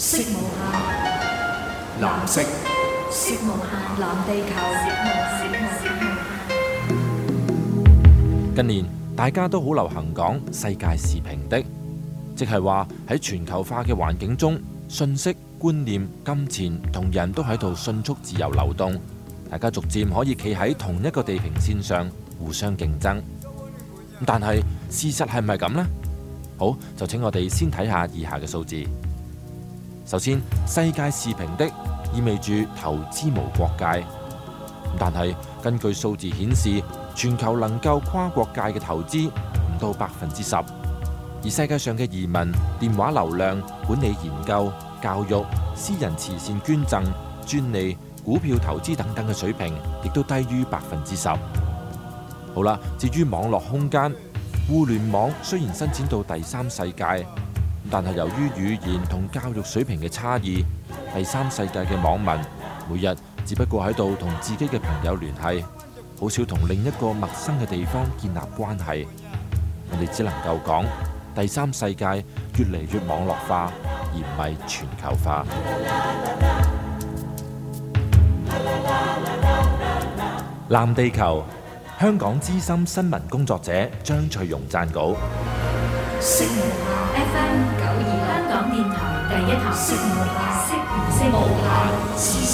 色藍色。無限，藍地球。近年大家都好流行講世界是平的，即係話喺全球化嘅環境中，信息、觀念、金錢同人都喺度迅速自由流動，大家逐漸可以企喺同一個地平線上互相競爭。但係事實係咪係咁呢？好，就請我哋先睇下以下嘅數字。首先，世界是平的，意味住投資無國界。但係根據數字顯示，全球能夠跨國界嘅投資唔到百分之十，而世界上嘅移民、電話流量、管理研究、教育、私人慈善捐贈、專利、股票投資等等嘅水平，亦都低於百分之十。好啦，至於網絡空間，互聯網雖然伸展到第三世界。但係由於語言同教育水平嘅差異，第三世界嘅網民每日只不過喺度同自己嘅朋友聯繫，好少同另一個陌生嘅地方建立關係。我哋只能夠講，第三世界越嚟越網絡化，而唔係全球化。藍地球，香港資深新聞工作者張翠容撰稿。FM 九二香港電台第一台，聲無限，聲無